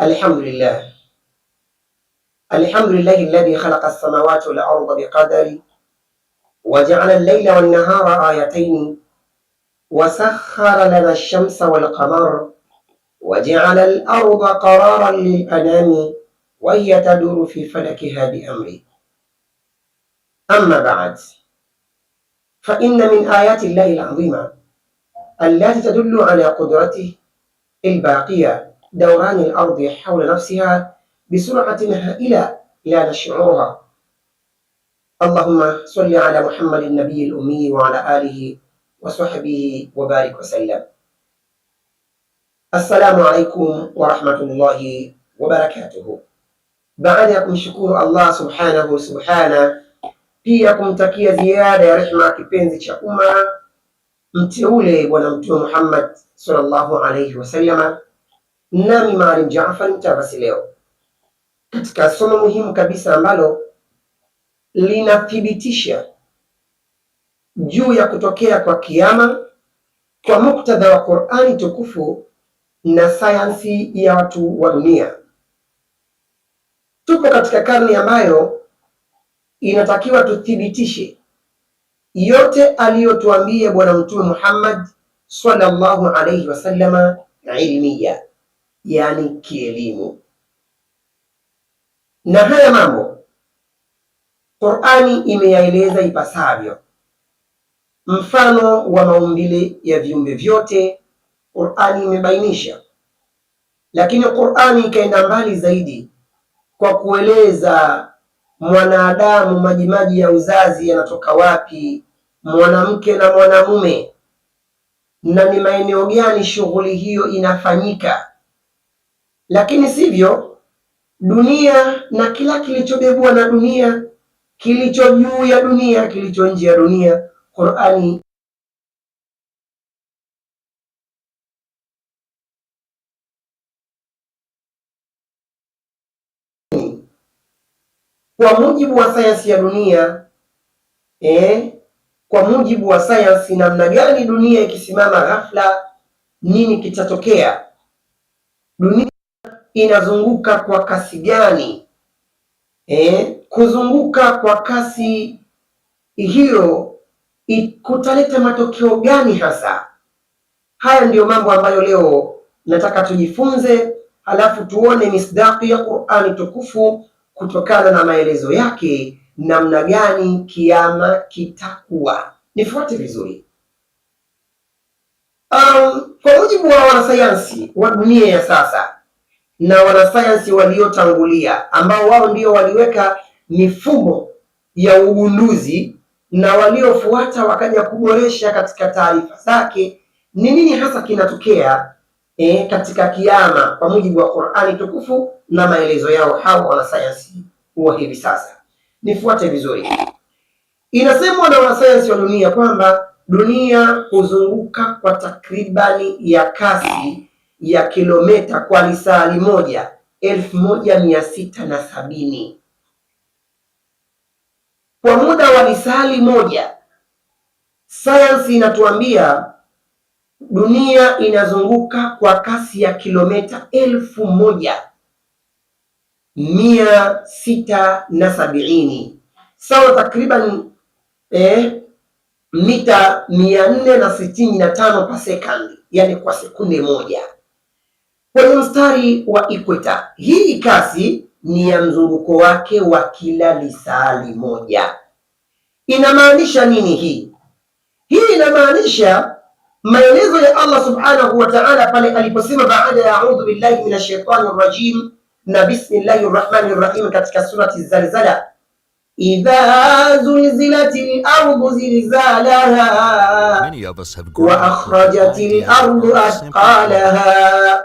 الحمد لله الحمد لله الذي خلق السماوات والأرض بقدر وجعل الليل والنهار آيتين وسخر لنا الشمس والقمر وجعل الأرض قرارا للأنام وهي تدور في فلكها بأمره أما بعد فإن من آيات الله العظيمة التي تدل على قدرته الباقية دوران الأرض حول نفسها بسرعة هائلة لا نشعرها اللهم صل على محمد النبي الأمي وعلى آله وصحبه وبارك وسلم السلام عليكم ورحمة الله وبركاته بعدكم شكور الله سبحانه سبحانه pia kumtakia ziada ya rehma kipenzi cha شاكوما mteule bwana mtume muhammad sallallahu alaihi wasallama nami Maalim Jaafar Mtavassy leo katika somo muhimu kabisa ambalo linathibitisha juu ya kutokea kwa kiama kwa muktadha wa Qur'ani tukufu na sayansi ya watu wa dunia. Tupo katika karne ambayo inatakiwa tuthibitishe yote aliyotuambia Bwana Mtume Muhammad sallallahu alayhi wasallama ilmiya yaani kielimu. Na haya mambo Qur'ani imeyaeleza ipasavyo. Mfano wa maumbile ya viumbe vyote Qur'ani imebainisha, lakini Qur'ani ikaenda mbali zaidi kwa kueleza mwanadamu, majimaji ya uzazi yanatoka wapi, mwanamke na mwanamume, na ni maeneo gani shughuli hiyo inafanyika lakini sivyo, dunia na kila kilichobebwa na dunia, kilicho juu ya dunia, kilicho nje ya dunia, Qur'ani kwa mujibu wa sayansi ya dunia eh, kwa mujibu wa sayansi, namna gani dunia ikisimama ghafla, nini kitatokea dunia inazunguka kwa kasi gani? Eh, kuzunguka kwa kasi hiyo kutaleta matokeo gani hasa? Haya ndiyo mambo ambayo leo nataka tujifunze, halafu tuone misdaki ya Qur'ani tukufu kutokana na maelezo yake, namna gani kiama kitakuwa. Nifuate vizuri. Um, kwa mujibu wa wanasayansi wa dunia ya sasa na wanasayansi waliotangulia ambao wao ndio waliweka mifumo ya ugunduzi na waliofuata wakaja kuboresha katika taarifa zake ni nini hasa kinatokea eh, katika kiama kwa mujibu wa Qur'ani tukufu na maelezo yao hao wanasayansi wa hivi sasa. Nifuate vizuri. Inasemwa na wanasayansi wa dunia kwamba dunia huzunguka kwa takribani ya kasi ya kilometa kwa lisali moja elfu moja mia sita na sabini kwa muda wa lisali moja. Sayansi inatuambia dunia inazunguka kwa kasi ya kilometa elfu moja mia sita na sabini sawa takriban eh, mita mia nne na sitini na tano kwa sekundi, yani kwa sekunde moja. Kwenye mstari wa ikweta, hii kasi ni ya mzunguko wake wa kila lisaali moja. Inamaanisha nini hii? Hii inamaanisha maelezo ya Allah subhanahu wa ta'ala pale aliposema baada ya audhu billahi minash shaitani rajim na bismillahi rahmani rahim katika surati Zalzala, idha zulzilatil ardu zilzalaha wa akhrajatil ardu athqalaha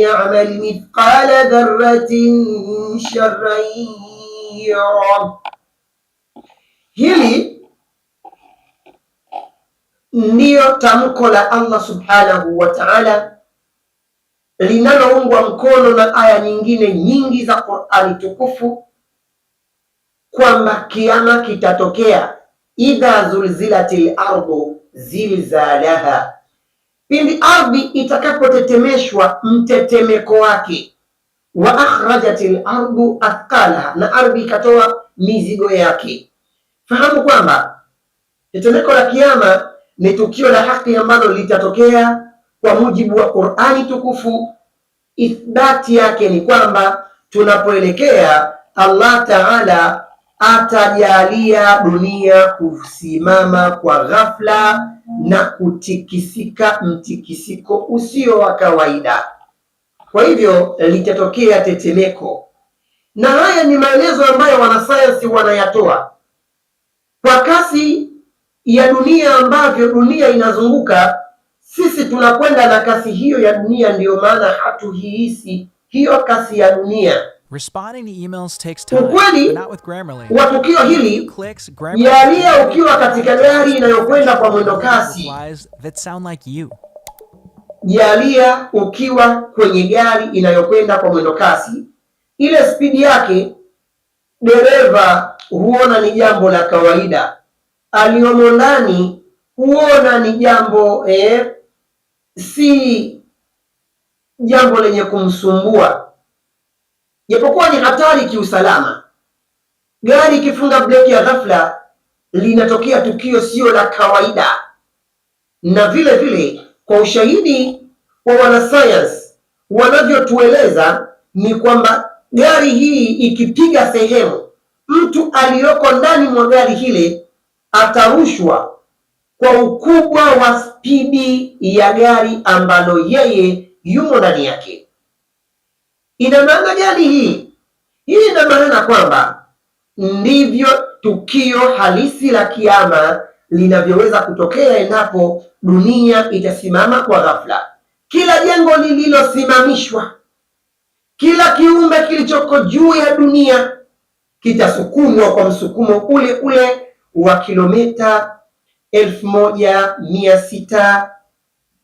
يعمل مثقال ذرة شرا يره. Hili ndiyo tamko la Allah subhanahu wa ta'ala linaloungwa mkono na aya nyingine nyingi za Qur'ani tukufu kwamba kiama kitatokea idha zulzilatil ardu zilzalaha pindi ardhi itakapotetemeshwa mtetemeko wake, wa akhrajatil ardu athqalaha, na ardhi ikatoa mizigo yake. Fahamu kwamba tetemeko la Kiyama ni tukio la haki ambalo litatokea kwa mujibu wa Qur'ani tukufu. Ithbati yake ni kwamba tunapoelekea, Allah Ta'ala atajalia dunia kusimama kwa ghafla na kutikisika mtikisiko usio wa kawaida. Kwa hivyo litatokea tetemeko, na haya ni maelezo ambayo wanasayansi wanayatoa kwa kasi ya dunia ambavyo dunia inazunguka. Sisi tunakwenda na kasi hiyo ya dunia, ndiyo maana hatuhisi hiyo kasi ya dunia. Responding to emails takes time, ukweli wa tukio hili yalie ukiwa katika gari inayokwenda kwa mwendo kasi, ukiwa kwenye gari inayokwenda kwa mwendo kasi, ile spidi yake dereva huona ni jambo la kawaida, aliyomo ndani huona ni jambo eh, si jambo lenye kumsumbua japokuwa ni hatari kiusalama. Gari ikifunga breki ya ghafla, linatokea tukio sio la kawaida. Na vile vile kwa ushahidi wa wanasayansi wanavyotueleza ni kwamba gari hii ikipiga sehemu, mtu aliyoko ndani mwa gari hile atarushwa kwa ukubwa wa spidi ya gari ambalo yeye yumo ndani yake. Ina maana gani hii? Hii ina maana kwamba ndivyo tukio halisi la kiama linavyoweza kutokea endapo dunia itasimama kwa ghafla. Kila jengo lililosimamishwa, kila kiumbe kilichoko juu ya dunia kitasukumwa kwa msukumo ule ule wa kilomita elfu moja mia sita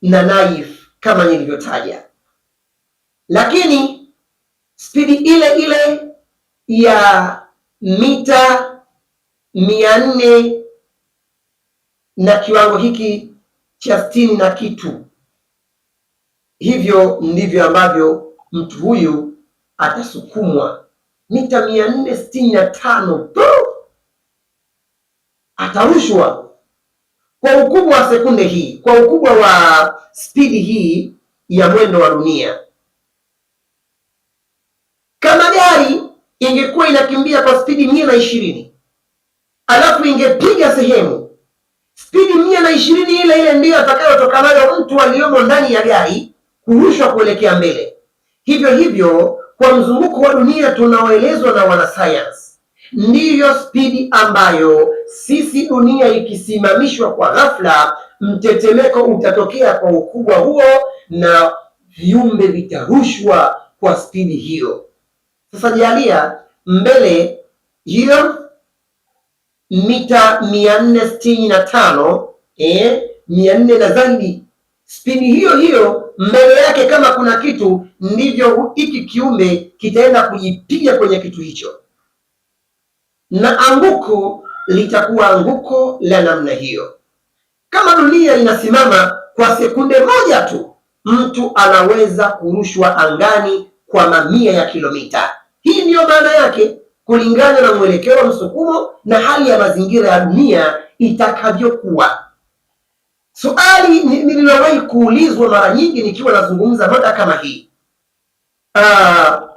na naif kama nilivyotaja, lakini spidi ile ile ya mita mia nne na kiwango hiki cha sitini na kitu. Hivyo ndivyo ambavyo mtu huyu atasukumwa mita mia nne sitini na tano atarushwa kwa ukubwa wa sekunde hii, kwa ukubwa wa spidi hii ya mwendo wa dunia gari ingekuwa inakimbia kwa spidi mia na ishirini alafu ingepiga sehemu, spidi mia na ishirini ile ile ndiyo atakayotoka nayo mtu aliyomo ndani ya gari kurushwa kuelekea mbele. Hivyo hivyo kwa mzunguko wa dunia tunaoelezwa na wanasayansi ndiyo spidi ambayo sisi dunia ikisimamishwa kwa ghafla, mtetemeko utatokea kwa ukubwa huo na viumbe vitarushwa kwa spidi hiyo. Sasa jalia mbele hiyo mita mia nne sitini na tano eh, mia nne na zaidi spini hiyo hiyo mbele yake, kama kuna kitu ndivyo hiki kiumbe kitaenda kujipiga kwenye kitu hicho, na anguko litakuwa anguko la namna hiyo. Kama dunia inasimama kwa sekunde moja tu, mtu anaweza kurushwa angani kwa mamia ya kilomita hiyo maana yake kulingana na mwelekeo wa msukumo na hali ya mazingira ya dunia itakavyokuwa. Suali nililowahi kuulizwa mara nyingi nikiwa nazungumza mada kama hii, aa, ah,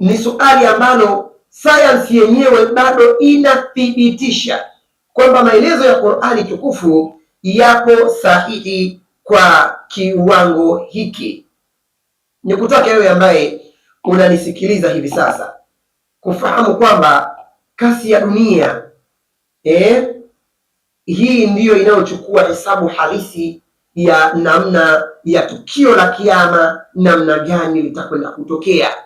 ni suali ambalo sayansi yenyewe bado inathibitisha kwamba maelezo ya Qur'ani tukufu yapo sahihi kwa kiwango hiki. Nikutake wewe ambaye unanisikiliza hivi sasa, kufahamu kwamba kasi ya dunia eh, hii ndiyo inayochukua hesabu halisi ya namna ya tukio la kiyama, namna gani litakwenda kutokea.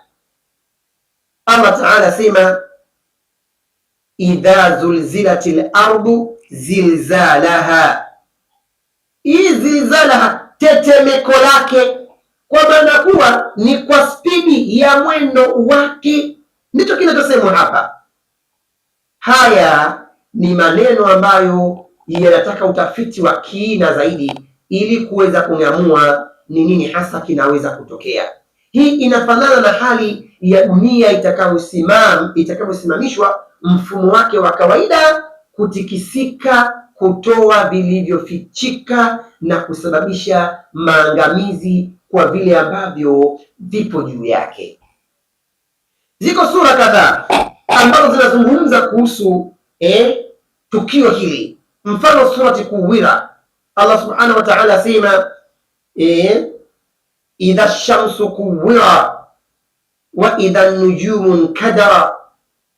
Allah Taala asema idha zulzilatil ardu zilzalaha, hii zilzalaha, tetemeko lake kwa maana kuwa ni kwa spidi ya mwendo wake, ndicho kinachosemwa hapa. Haya ni maneno ambayo yanataka utafiti wa kina zaidi ili kuweza kung'amua ni nini hasa kinaweza kutokea. Hii inafanana na hali ya dunia itakayosimam itakayosimamishwa mfumo wake wa kawaida kutikisika, kutoa vilivyofichika na kusababisha maangamizi kwa vile ambavyo vipo juu yake. Ziko sura kadhaa ambazo zinazungumza kuhusu eh, tukio hili, mfano surati Kuwira, Allah subhanahu wa ta'ala asema eh, idha shamsu kuwira wa idha nujumu nkadara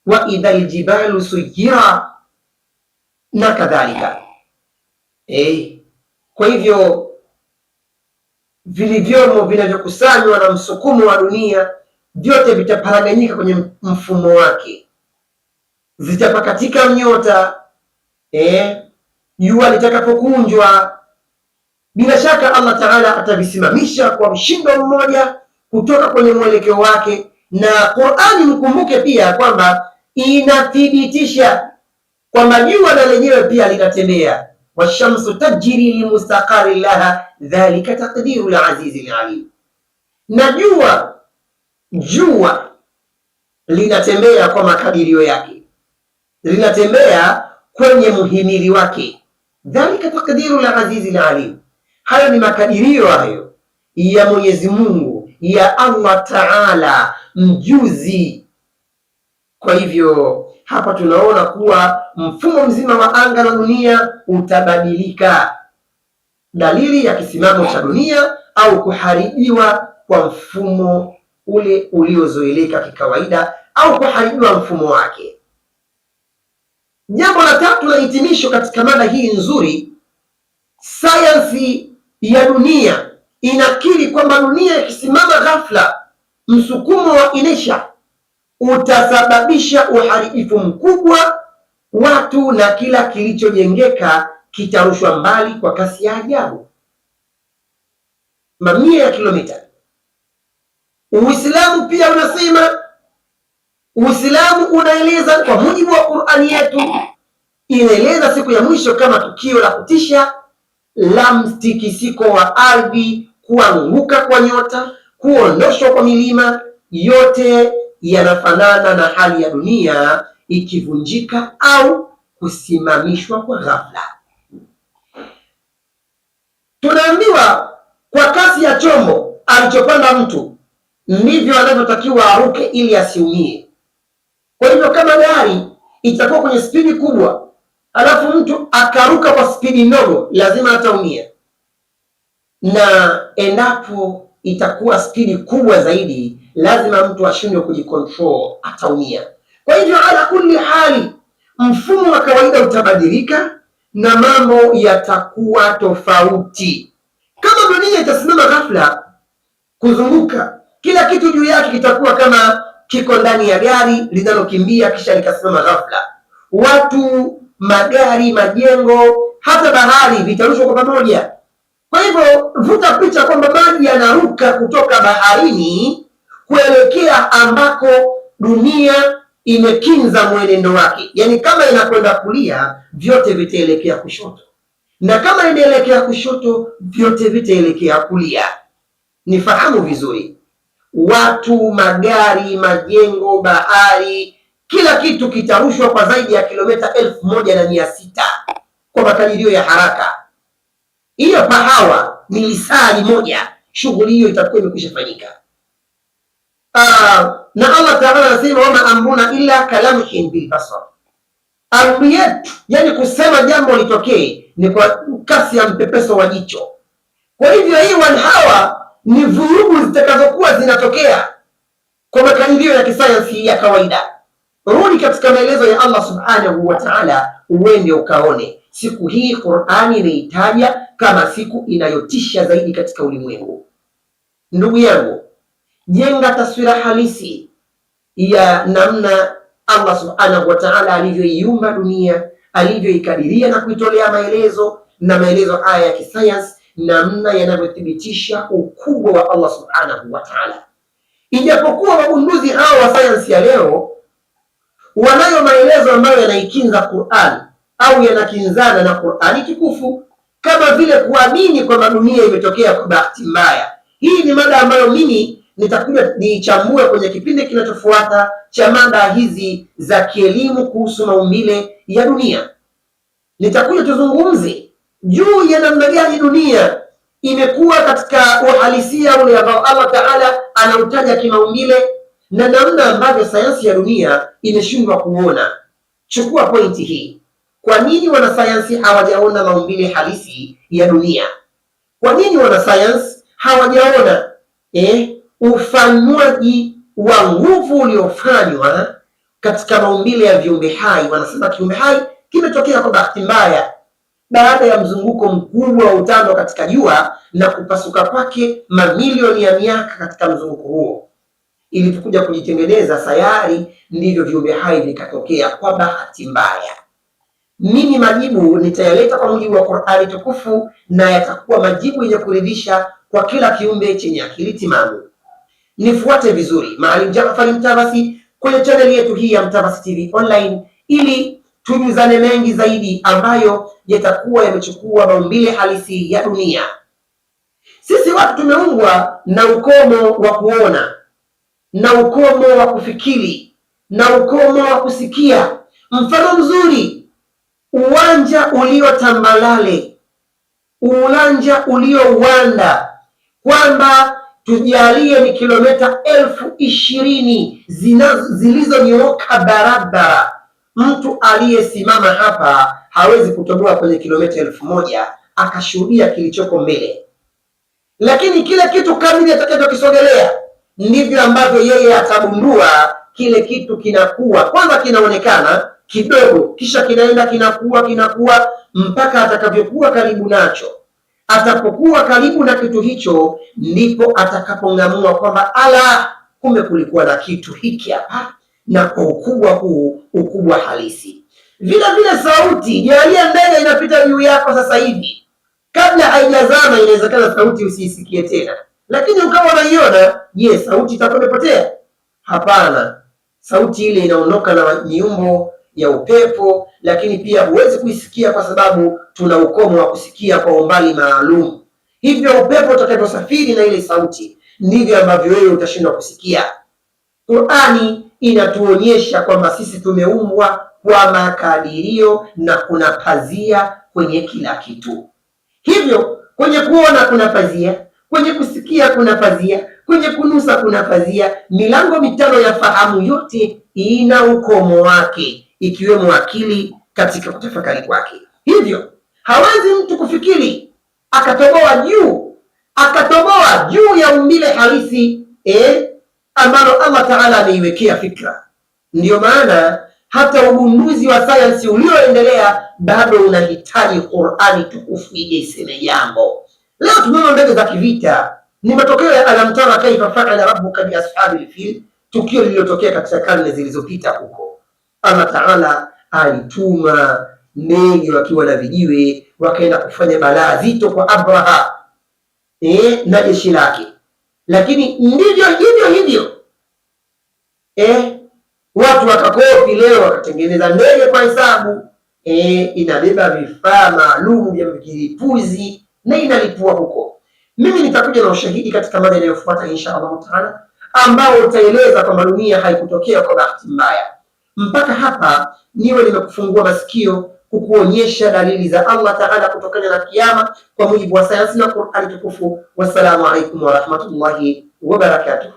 wa idha ljibalu suyira na kadhalika eh, kwa hivyo vilivyomo vinavyokusanywa na msukumo wa dunia vyote vitaparaganyika kwenye mfumo wake, zitapakatika mnyota eh, jua litakapokunjwa. Bila shaka Allah Taala atavisimamisha kwa mshindo mmoja kutoka kwenye mwelekeo wake. Na Qur'ani, mkumbuke pia kwamba inathibitisha kwamba jua na lenyewe pia linatembea washamsu tajri limustaqari laha dhalika taqdiru lalazizi lalim, na jua jua linatembea kwa makadirio yake, linatembea kwenye muhimili wake. Dhalika taqdiru lalazizi lalim, hayo ni makadirio hayo ya Mwenyezi Mungu ya Allah Taala mjuzi. Kwa hivyo hapa tunaona kuwa mfumo mzima wa anga na dunia utabadilika. Dalili ya kisimamo cha dunia au kuharibiwa kwa mfumo ule uliozoeleka kikawaida au kuharibiwa mfumo wake. Jambo la tatu la hitimisho katika mada hii nzuri, sayansi ya dunia inakiri kwamba dunia ikisimama ghafla, msukumo wa inesha utasababisha uharibifu mkubwa watu na kila kilichojengeka kitarushwa mbali kwa kasi ya ajabu, mamia ya kilomita. Uislamu pia unasema, Uislamu unaeleza kwa mujibu wa Qur'ani yetu, inaeleza siku ya mwisho kama tukio la kutisha la mtikisiko wa ardhi, kuanguka kwa nyota, kuondoshwa kwa milima. Yote yanafanana na hali ya dunia ikivunjika au kusimamishwa kwa ghafla. Tunaambiwa kwa kasi ya chombo alichopanda mtu ndivyo anavyotakiwa aruke ili asiumie. Kwa hivyo kama gari itakuwa kwenye spidi kubwa alafu mtu akaruka kwa spidi ndogo, lazima ataumia, na endapo itakuwa spidi kubwa zaidi, lazima mtu ashindwe kujikontrol, ataumia. Kwa hivyo, ala kulli hali, mfumo wa kawaida utabadilika na mambo yatakuwa tofauti. Kama dunia itasimama ghafla kuzunguka, kila kitu juu yake kitakuwa kama kiko ndani ya gari linalokimbia kisha likasimama ghafla. Watu, magari, majengo, hata bahari vitarushwa kwa pamoja. Kwa hivyo, vuta picha kwamba maji yanaruka kutoka baharini kuelekea ambako dunia imekinza mwenendo wake, yaani kama inakwenda kulia vyote vitaelekea kushoto, na kama inaelekea kushoto vyote vitaelekea kulia. Nifahamu vizuri, watu, magari, majengo, bahari, kila kitu kitarushwa kwa zaidi ya kilomita elfu moja na mia sita kwa makadirio ya haraka. Hiyo pahawa ni lisaa moja, shughuli hiyo itakuwa imekwisha fanyika. Uh, na Allah Taala anasema wama amruna illa kalamhin bilbasar, amri yetu yani kusema jambo litokee ni kwa kasi ya mpepeso wa jicho. Kwa hivyo hii wanhawa ni vurugu zitakazokuwa zinatokea kwa makadirio ya kisayansi ya kawaida. Rudi katika maelezo ya Allah subhanahu wa taala, uende ukaone. Siku hii Qurani imeitaja kama siku inayotisha zaidi katika ulimwengu. Ndugu yangu jenga taswira halisi ya namna Allah subhanahu wa ta'ala alivyoiumba dunia, alivyoikadiria na kuitolea maelezo na maelezo haya ya kisayansi, namna yanavyothibitisha ukubwa wa Allah subhanahu wa ta'ala. Ijapokuwa wagunduzi hao wa sayansi ya leo wanayo maelezo ambayo yanaikinza Qur'an au yanakinzana na Qur'ani tukufu, kama vile kuamini kwamba dunia imetokea kwa bahati mbaya. Hii ni mada ambayo mimi nitakuja niichambue kwenye kipindi kinachofuata cha mada hizi za kielimu kuhusu maumbile ya dunia. Nitakuja tuzungumze juu ya namna gani dunia imekuwa katika uhalisia ule ambao Allah Taala anautaja kimaumbile na namna ambavyo sayansi ya dunia imeshindwa kuona. Chukua pointi hii. Kwa nini wanasayansi hawajaona maumbile halisi ya dunia? Kwa nini wanasayansi hawajaona eh? ufanywaji wa nguvu uliofanywa eh, katika maumbile ya viumbe hai. Wanasema kiumbe hai kimetokea kwa bahati mbaya baada ya mzunguko mkubwa wa utando katika jua na kupasuka kwake mamilioni ya miaka katika mzunguko huo, ilipokuja kujitengeneza sayari, ndivyo viumbe hai vikatokea kwa bahati mbaya. Mimi majibu nitayaleta kwa mujibu wa Qur'ani tukufu, na yatakuwa majibu yenye kuridhisha kwa kila kiumbe chenye akili timamu nifuate vizuri Maalim Jaafar Mtavassy kwenye chaneli yetu hii ya Mtavassy TV Online ili tujuzane mengi zaidi ambayo yatakuwa yamechukua maumbile halisi ya dunia. Sisi watu tumeumbwa na ukomo wa kuona na ukomo wa kufikiri na ukomo wa kusikia. Mfano mzuri, uwanja ulio tambalale uwanja uwanda kwamba tujalie ni kilomita elfu ishirini zilizonyooka barabara. Mtu aliyesimama hapa hawezi kutoboa kwenye kilomita elfu moja akashuhudia kilichoko mbele, lakini kile kitu kamili atakachokisogelea ndivyo ambavyo yeye atagundua kile kitu kinakuwa. Kwanza kinaonekana kidogo, kisha kinaenda kinakuwa kinakuwa mpaka atakavyokuwa karibu nacho. Atakapokuwa karibu na kitu hicho, ndipo atakapong'amua kwamba ala, kumbe kulikuwa na kitu hiki hapa, na kwa ukubwa huu, ukubwa halisi. Vile vile sauti, jalia ndege inapita juu yako sasa hivi, kabla haijazama, inawezekana sauti usiisikie tena, lakini ukawa unaiona. Je, sauti itakuwa imepotea? Hapana, sauti ile inaondoka na nyumbo ya upepo, lakini pia huwezi kuisikia kwa sababu tuna ukomo wa kusikia kwa umbali maalum. Hivyo upepo utakavyosafiri na ile sauti, ndivyo ambavyo wewe utashindwa kusikia. Qur'ani inatuonyesha kwamba sisi tumeumbwa kwa makadirio na kuna pazia kwenye kila kitu. Hivyo kwenye kuona kuna pazia, kwenye kusikia kuna pazia, kwenye kunusa kuna pazia. Milango mitano ya fahamu yote ina ukomo wake ikiwemo akili katika kutafakari kwake. Hivyo hawezi mtu kufikiri akatoboa juu akatoboa juu ya umbile halisi eh, ambalo Allah Taala ameiwekea fikra. Ndiyo maana hata ugunduzi wa sayansi ulioendelea bado unahitaji Qur'ani tukufu ije iseme jambo. Leo tumeona ndege za kivita ni matokeo ya alamtara kaifa faala rabbuka biashabil fil, tukio lililotokea katika karne zilizopita huko Allah Taala alituma mengi wakiwa na vijiwe, wakaenda kufanya balaa zito kwa Abraha eh, na jeshi lake, lakini ndivyo hivyo hivyo eh, watu wakakopi leo wakatengeneza ndege kwa hesabu eh, inabeba vifaa maalum vya vilipuzi na inalipua huko. Mimi nitakuja na ushahidi katika mada inayofuata insha Allahu Taala, ambao utaeleza kwamba dunia haikutokea kwa bahati mbaya. Mpaka hapa niwe nimekufungua masikio kukuonyesha dalili za Allah Taala kutokana na kiyama kwa mujibu wa sayansi na Qur'ani tukufu. Wassalamu alaikum warahmatullahi wabarakatuh.